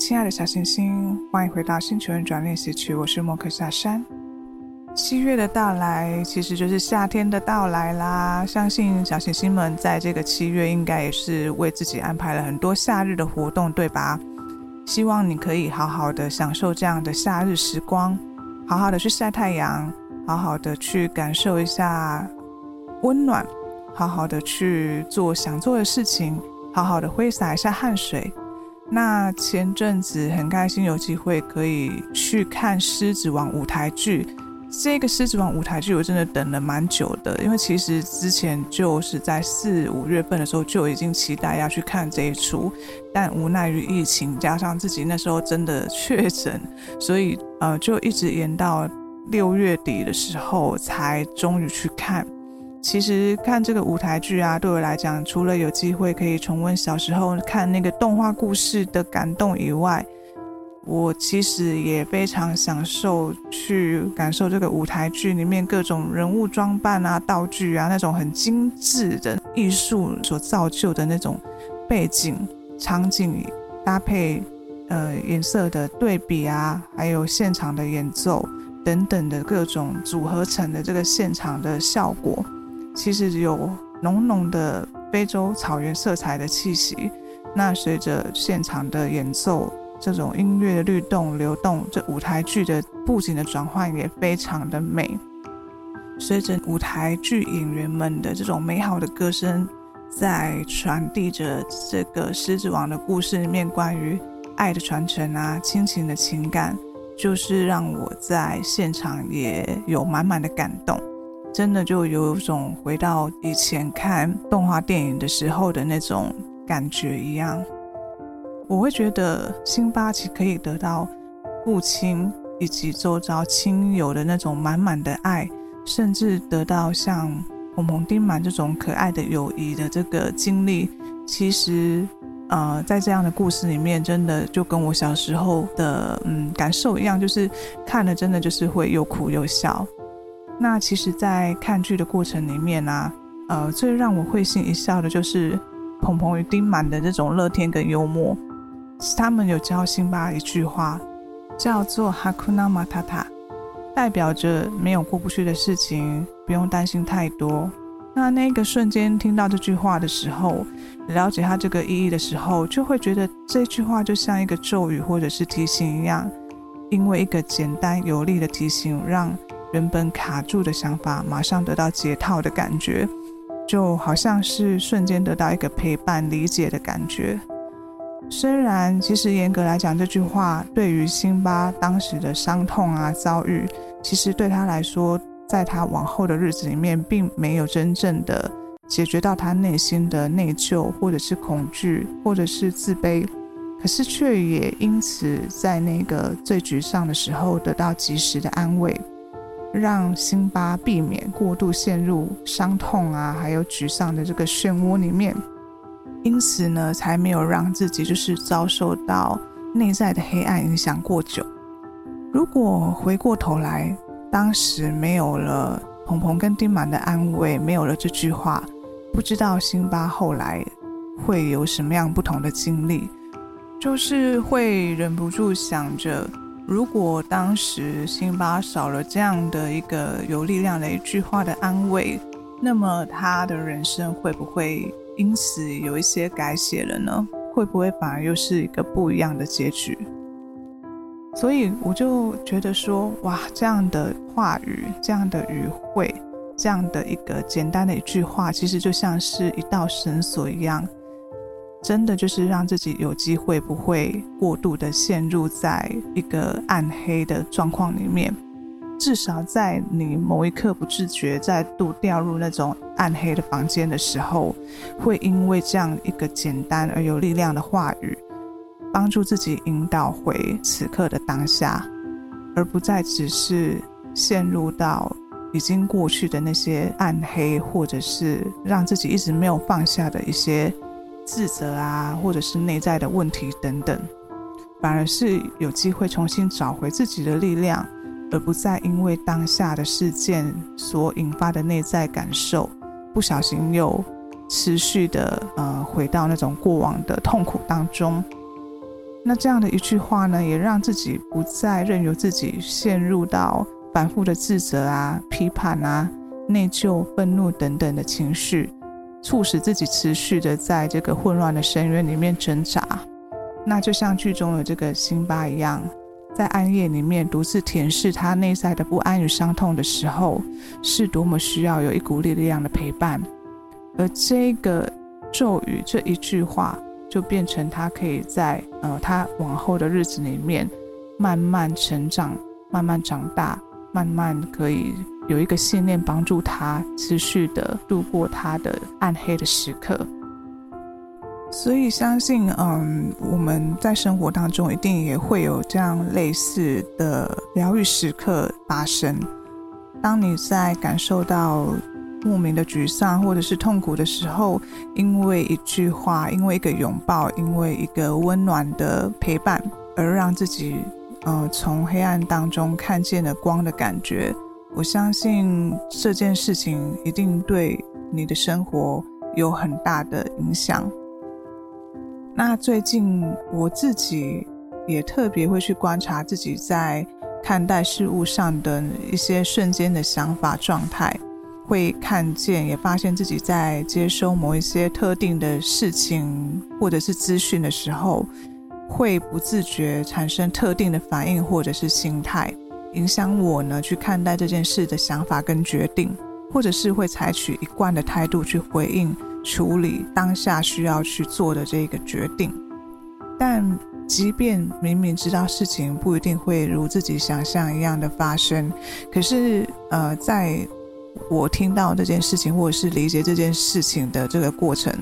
親愛的，小行星，歡迎回到星球運轉練習曲，我是莫克夏山。七月的到來，其實就是夏天的到來啦。相信小行星們在這個七月，應該也是為自己安排了很多夏日的活動，對吧？希望你可以好好的享受這樣的夏日時光，好好的去晒太陽，好好的去感受一下溫暖，好好的去做想做的事情，好好的揮灑一下汗水。那前陣子很開心有機會可以去看《獅子王》舞台劇，這個《獅子王》舞台劇我真的等了蠻久的，因為其實之前就是在四五月份的時候就已經期待要去看這一出，但無奈於疫情加上自己那時候真的確診，所以呃就一直延到六月底的時候才終於去看。其實看這個舞台劇啊，對我來講，除了有機會可以重溫小時候看那個動畫故事的感動以外，我其實也非常享受去感受這個舞台劇裡面各種人物裝扮啊、道具啊那種很精致的藝術所造就的那種背景、場景搭配、呃顏色的對比啊，還有現場的演奏等等的各種組合成的這個現場的效果。其實有濃濃的非洲草原色彩的氣息。那隨着現場的演奏，這種音樂的律動、流動，這舞台劇的布景的轉換也非常的美。隨着舞台劇演員們的這種美好的歌聲，在傳遞着這個《獅子王》的故事裡面關於愛的傳承啊、親情的情感，就是讓我在現場也有滿滿的感動。真的就有一種回到以前看動畫電影的時候的那種感覺一樣。我會覺得，辛巴其實可以得到父親以及周遭親友的那種滿滿的愛，甚至得到像澎澎丁滿這種可愛的友誼的這個經歷。其實，呃，在這樣的故事裡面，真的就跟我小時候的嗯感受一樣，就是看了真的就是會又哭又笑。那其實，在看劇的過程裡面啊，呃，最讓我會心一笑的就是澎澎與丁滿的這種樂天跟幽默，是他們有教辛巴一句話叫做「Hakuna Matata」，代表着沒有過不去的事情，不用擔心太多。那那個瞬間聽到這句話的時候，了解它這個意義的時候，就會覺得這句話就像一個咒語或者是提醒一樣，因為一個簡單有力的提醒讓原本卡住的想法，馬上得到解套的感覺，就好像是瞬間得到一個陪伴、理解的感覺。雖然，其實嚴格來講，這句話對於辛巴當時的傷痛啊、遭遇，其實對他來說，在他往後的日子裡面，並沒有真正的解決到他內心的內疚，或者是恐懼，或者是自卑。可是，卻也因此在那個最沮喪的時候，得到及時的安慰。讓辛巴避免過度陷入傷痛啊，還有沮喪的這個漩渦裡面，因此呢，才沒有讓自己就是遭受到內在的黑暗影響過久。如果回過頭來，當時沒有了澎澎跟丁滿的安慰，沒有了這句話，不知道辛巴後來會有什麼樣不同的經歷，就是會忍不住想着。如果當時辛巴少了這樣的一個有力量的一句話的安慰，那麼他的人生會不會因此有一些改寫了呢？會不會反而又是一個不一樣的結局？所以我就覺得說，哇，這樣的話語、這樣的語彙、這樣的一個簡單的一句話，其實就像是一道繩索一樣。真的就是讓自己有機會不會過度的陷入在一個暗黑的狀況裡面，至少在你某一刻不自覺再度掉入那種暗黑的房間的時候，會因為這樣一個簡單而有力量的話語，幫助自己引導回此刻的當下，而不再只是陷入到已經過去的那些暗黑，或者是讓自己一直沒有放下的一些自責啊，或者是內在的問題等等，反而是有機會重新找回自己的力量，而不再因為當下的事件所引發的內在感受，不小心又持續的呃回到那種過往的痛苦當中。那這樣的一句話呢，也讓自己不再任由自己陷入到反覆的自責啊、批判啊、內疚、憤怒等等的情緒。促使自己持續的在這個混亂的深淵裡面掙扎，那就像劇中的這個辛巴一樣，在暗夜裡面獨自舔舐他內在的不安與傷痛的時候，是多麼需要有一股力量的陪伴。而這個咒語這一句話，就變成他可以在呃他往後的日子裡面慢慢成長，慢慢長大。慢慢可以有一個信念幫助他持續地度過他的暗黑的時刻，所以相信，嗯，我們在生活當中一定也會有這樣類似的療癒時刻發生。當你在感受到莫名的沮喪或者是痛苦的時候，因為一句話，因為一個擁抱，因為一個溫暖的陪伴，而讓自己，呃，從黑暗當中看見了光的感覺，我相信這件事情一定對你的生活有很大的影響。那最近我自己也特別會去觀察自己在看待事物上的一些瞬間的想法狀態，會看見也發現自己在接收某一些特定的事情或者是資訊的時候，會不自覺產生特定的反應或者是心態，影響我呢去看待這件事的想法跟決定，或者是會採取一貫的態度去回應處理當下需要去做的這個決定。但即便明明知道事情不一定會如自己想象一樣的發生，可是呃，在我聽到這件事情或者是理解這件事情的這個過程，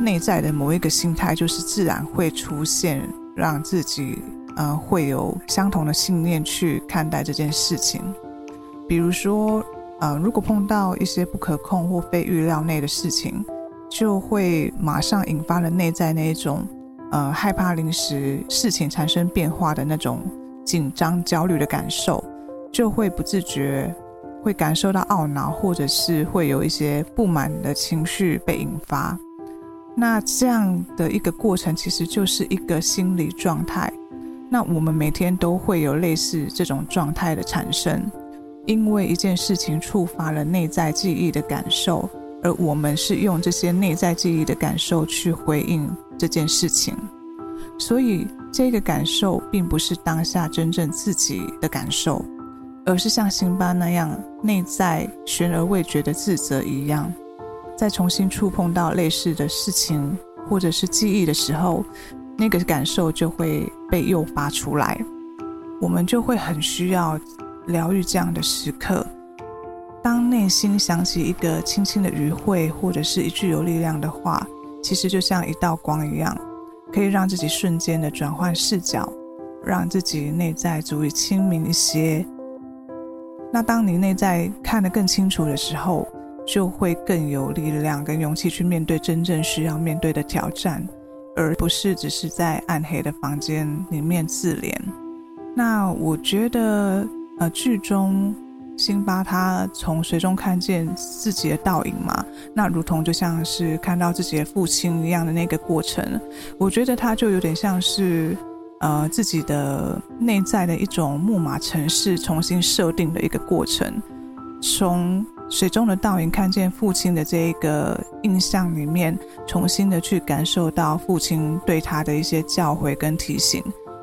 內在的某一個心態，就是自然會出現，讓自己呃會有相同的信念去看待這件事情。比如說，呃，如果碰到一些不可控或非預料內的事情，就會馬上引發了內在那一種呃害怕臨時事情產生變化的那種緊張、焦慮的感受，就會不自覺會感受到懊惱，或者是會有一些不滿的情緒被引發。那這樣的一個過程，其實就是一個心理狀態。那我們每天都會有類似這種狀態的產生，因為一件事情觸發了內在記憶的感受，而我們是用這些內在記憶的感受去回應這件事情，所以這個感受並不是當下真正自己的感受，而是像辛巴那樣內在懸而未決的自責一樣。在重新觸碰到類似的事情或者是記憶的時候，那個感受就會被誘發出來，我們就會很需要療癒這樣的時刻。當內心想起一個輕輕的餘暉，或者是一句有力量的話，其實就像一道光一樣，可以讓自己瞬間的轉換視角，讓自己內在足以清明一些。那當你內在看得更清楚的時候，就會更有力量跟勇氣去面對真正需要面對的挑戰，而不是只是在暗黑的房間裡面自憐。那我覺得，呃，劇中辛巴他從水中看見自己的倒影嘛，那如同就像是看到自己的父親一樣的那個過程，我覺得他就有點像是，呃，自己的內在的一種木馬程式重新設定的一個過程，從。水中的倒影，看見父親的這一個印象裡面，重新的去感受到父親對他的一些教誨跟提醒，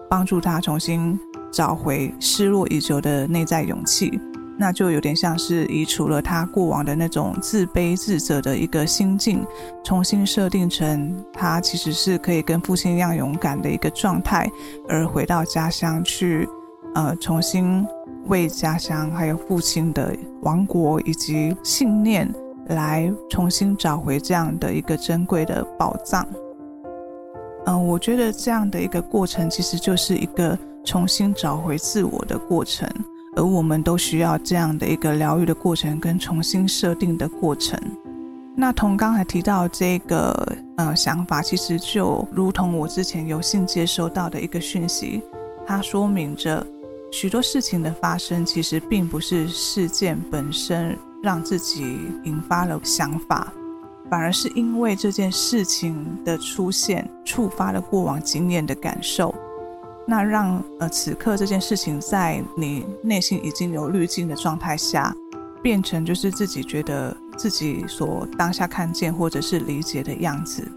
幫助他重新找回失落已久的內在勇氣，那就有點像是移除了他過往的那種自卑自責的一個心境，重新設定成他其實是可以跟父親一樣勇敢的一個狀態，而回到家鄉去，呃，重新。為家鄉，還有父親的王國以及信念來重新找回這樣的一個珍貴的寶藏。嗯、呃，我覺得這樣的一個過程其實就是一個重新找回自我的過程，而我們都需要這樣的一個療癒的過程跟重新設定的過程。那同剛才提到這個呃想法，其實就如同我之前有幸接收到的一個訊息，它說明着。許多事情的發生，其實並不是事件本身讓自己引發了想法，反而是因為這件事情的出現觸發了過往經驗的感受，那讓呃此刻這件事情在你內心已經有濾鏡的狀態下，變成就是自己覺得自己所當下看見或者是理解的樣子。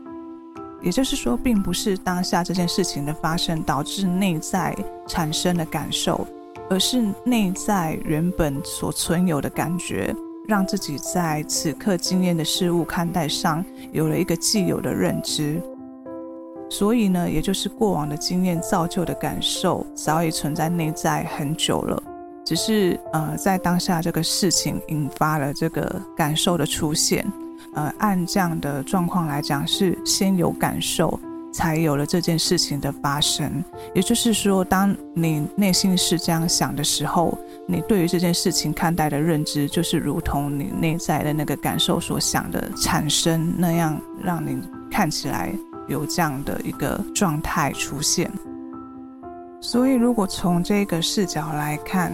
也就是說，並不是當下這件事情的發生導致內在產生的感受，而是內在原本所存有的感覺，讓自己在此刻經驗的事物看待上有了一個既有的認知。所以呢，也就是過往的經驗造就的感受，早已存在內在很久了，只是呃，在當下這個事情引發了這個感受的出現。呃，按這樣的狀況來講，是先有感受，才有了這件事情的發生。也就是說，當你內心是這樣想的時候，你對於這件事情看待的認知，就是如同你內在的那個感受所想的產生那樣，讓你看起來有這樣的一個狀態出現。所以，如果從這個視角來看，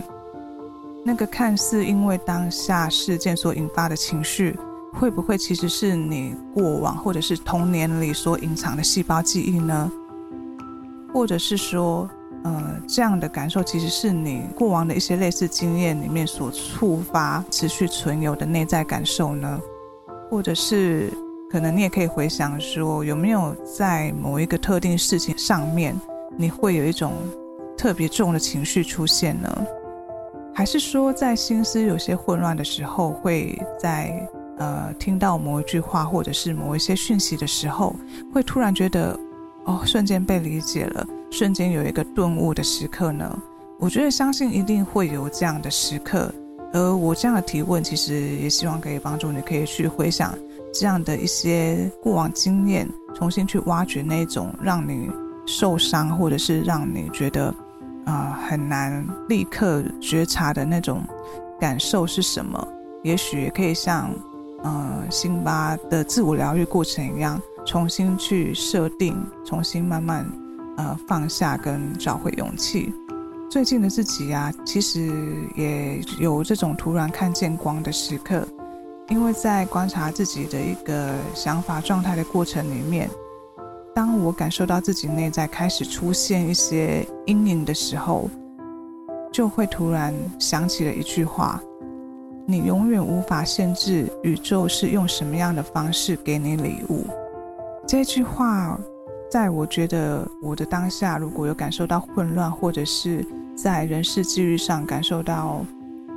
那個看似因為當下事件所引發的情緒。會不會其實是你過往或者是童年裡所隱藏的細胞記憶呢？或者是說，呃，這樣的感受其實是你過往的一些類似經驗裡面所觸發、持續存有的內在感受呢？或者是可能你也可以回想說，有沒有在某一個特定事情上面，你會有一種特別重的情緒出現呢？還是說，在心思有些混亂的時候，會在……呃，聽到某一句話，或者是某一些訊息的時候，會突然覺得，哦，瞬間被理解了，瞬間有一個頓悟的時刻呢。我覺得相信一定會有這樣的時刻。而我這樣的提問，其實也希望可以幫助你，可以去回想這樣的一些過往經驗，重新去挖掘那一種讓你受傷，或者是讓你覺得啊，呃，很難立刻覺察的那種感受是什麼。也許也可以像。嗯、呃，辛巴的自我療癒過程一樣，重新去設定，重新慢慢呃放下跟找回勇氣。最近的自己呀、啊，其實也有這種突然看見光的時刻，因為在觀察自己的一個想法狀態的過程裡面，當我感受到自己內在開始出現一些陰影的時候，就會突然想起了一句話。你永遠無法限制，宇宙是用什麼樣的方式給你禮物。這句話，在我覺得我的當下，如果有感受到混亂，或者是在人事際遇上感受到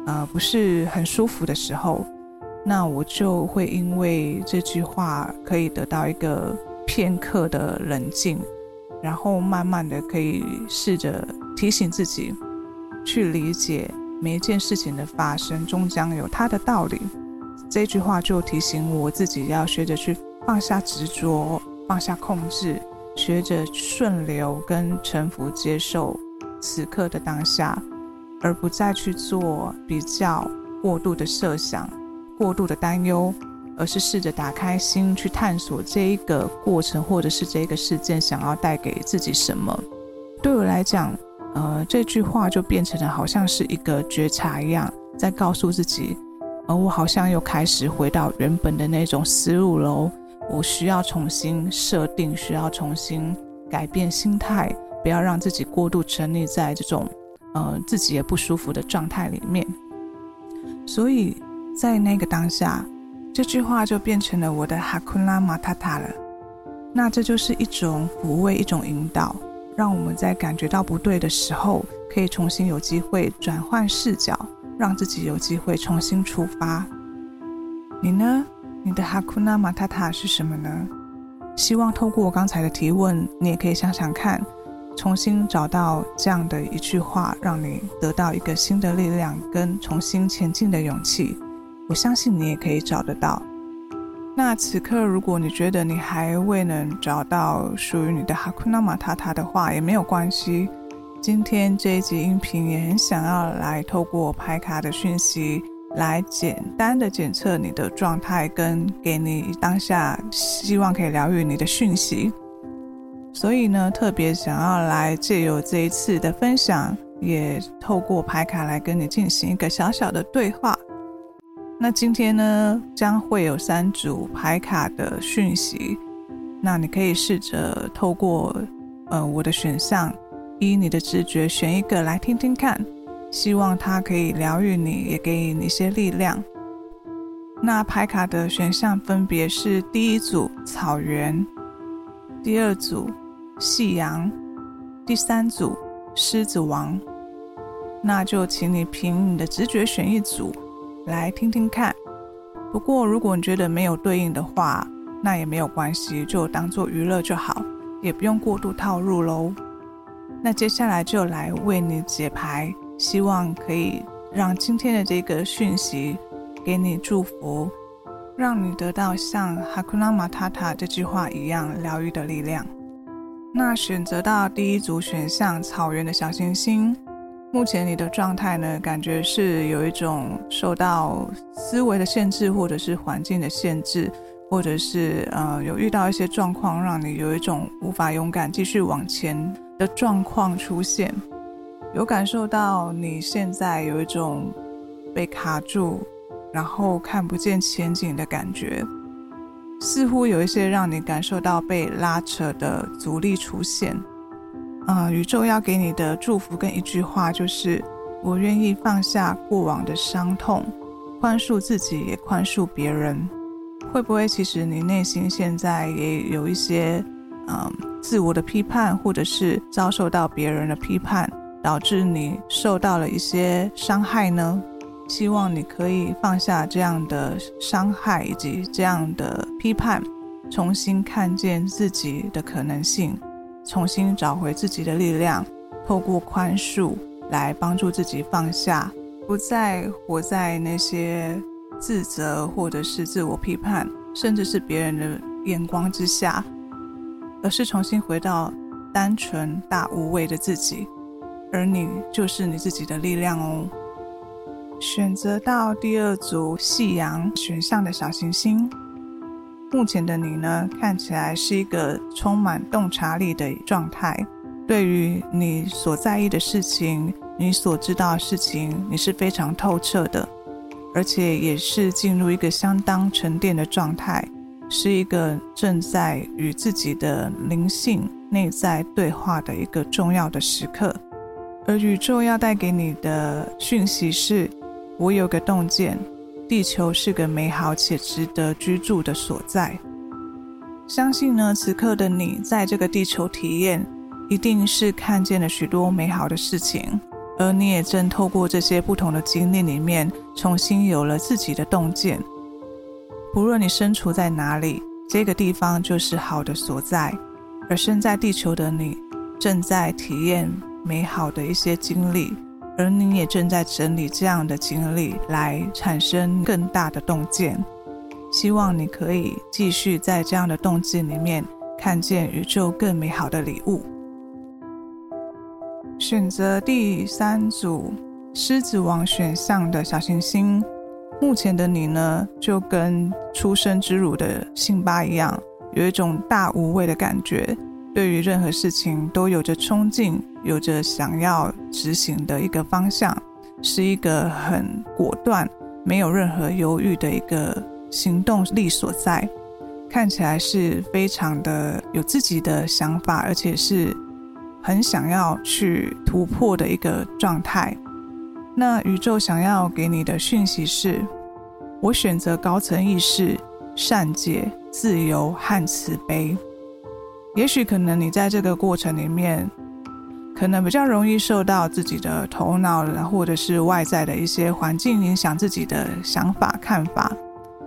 呃不是很舒服的時候，那我就會因為這句話可以得到一個片刻的冷靜，然後慢慢的可以試着提醒自己去理解，每一件事情的發生，終將有它的道理。這句話就提醒我自己，要學着去放下執着，放下控制，學着順流跟臣服，接受此刻的當下，而不再去做比較、過度的設想、過度的擔憂，而是試着打開心，去探索這一個過程或者是這一個事件想要帶給自己什麼。對我來講。呃，這句話就變成了，好像是一個覺察一樣，在告訴自己，而我好像又開始回到原本的那種思路嘍，我需要重新設定，需要重新改變心態，不要讓自己過度沉溺在這種，呃，自己也不舒服的狀態裡面。所以，在那個當下，這句話就變成了我的 Hakuna Matata 了。那這就是一種撫慰，一種引導。讓我們在感覺到不對的時候，可以重新有機會轉換視角，讓自己有機會重新出發。你呢？你的 Hakuna Matata 是什麼呢？希望透過我剛才的提問，你也可以想想看，重新找到這樣的一句話，讓你得到一個新的力量跟重新前進的勇氣。我相信你也可以找得到。那此刻，如果你覺得你還未能找到屬於你的哈庫納瑪塔塔的話，也沒有關係。今天這一集音頻也很想要來透過牌卡的訊息，來簡單的檢測你的狀態，跟給你當下希望可以療癒你的訊息。所以呢，特別想要來借由這一次的分享，也透過牌卡來跟你進行一個小小的對話。那今天呢，將會有三組牌卡的訊息，那你可以試着透過呃我的選項以你的直覺選一個來聽聽看，希望它可以療癒你，也給你一些力量。那牌卡的選項分別是第一組草原，第二組夕陽，第三組獅子王。那就請你憑你的直覺選一組。來聽聽看。不過，如果你覺得沒有對應的話，那也沒有關係，就當做娛樂就好，也不用過度套入嘍。那接下來就來為你解牌，希望可以讓今天的這個訊息給你祝福，讓你得到像哈庫拉瑪塔塔這句話一樣療癒的力量。那選擇到第一組選項“草原的小行星”。目前你的狀態呢，感覺是有一種受到思維的限制，或者是環境的限制，或者是呃有遇到一些狀況，讓你有一種無法勇敢繼續往前的狀況出現。有感受到你現在有一種被卡住，然後看不見前景的感覺，似乎有一些讓你感受到被拉扯的阻力出現。啊、嗯，宇宙要給你的祝福跟一句話就是：我願意放下過往的傷痛，寬恕自己，也寬恕別人。會不會其實你內心現在也有一些，嗯，自我的批判，或者是遭受到別人的批判，導致你受到了一些傷害呢？希望你可以放下這樣的傷害以及這樣的批判，重新看見自己的可能性。重新找回自己的力量，透過寬恕來幫助自己放下，不再活在那些自責或者是自我批判，甚至是別人的眼光之下，而是重新回到單純大無畏的自己。而你就是你自己的力量哦。選擇到第二組夕陽選項的小行星，目前的你呢，看起來是一個充滿洞察力的狀態。對於你所在意的事情，你所知道的事情，你是非常透徹的，而且也是進入一個相當沉澱的狀態，是一個正在與自己的靈性內在對話的一個重要的時刻。而宇宙要帶給你的訊息是，我有個洞見。地球是個美好且值得居住的所在，相信呢，此刻的你在這個地球體驗，一定是看見了許多美好的事情，而你也正透過這些不同的經歷裡面，重新有了自己的洞見。不論你身處在哪裡，這個地方就是好的所在，而身在地球的你，正在體驗美好的一些經歷。而你也正在整理這樣的經歷，來產生更大的洞見。希望你可以繼續在這樣的洞見裡面，看見宇宙更美好的禮物。選擇第三組獅子王選項的小行星，目前的你呢，就跟初生之犢的辛巴一樣，有一種大無畏的感覺，對於任何事情都有着衝勁。有着想要執行的一個方向，是一個很果斷、沒有任何猶豫的一個行動力所在。看起來是非常的有自己的想法，而且是很想要去突破的一個狀態。那宇宙想要給你的訊息是：我選擇高層意識、善解、自由和慈悲。也許可能你在這個過程裡面。可能比較容易受到自己的頭腦，或者是外在的一些環境影響自己的想法看法。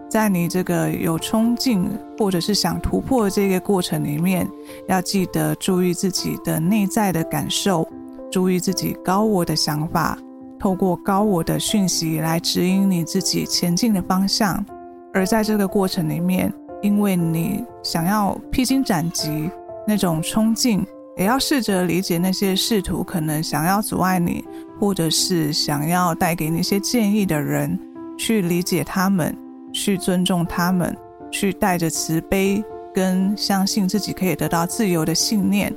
在你這個有衝勁，或者是想突破這個過程裡面，要記得注意自己的內在的感受，注意自己高我的想法，透過高我的訊息來指引你自己前進的方向。而在這個過程裡面，因為你想要披荊斬棘那種衝勁。也要試着理解那些試圖可能想要阻礙你，或者是想要帶給你一些建議的人，去理解他們，去尊重他們，去帶着慈悲跟相信自己可以得到自由的信念，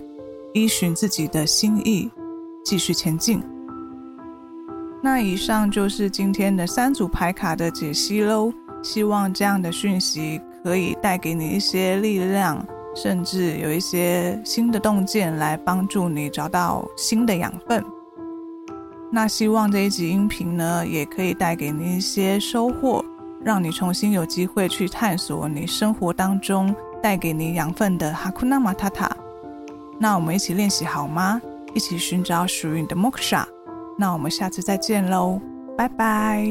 依循自己的心意繼續前進。那以上就是今天的三組牌卡的解析嘍，希望這樣的訊息可以帶給你一些力量。甚至有一些新的洞見來幫助你找到新的養分。那希望這一集音頻呢，也可以帶給你一些收穫，讓你重新有機會去探索你生活當中帶給你養分的哈庫納馬塔塔。那我們一起練習好嗎？一起尋找屬於你的莫克夏。那我們下次再見嘍，拜拜。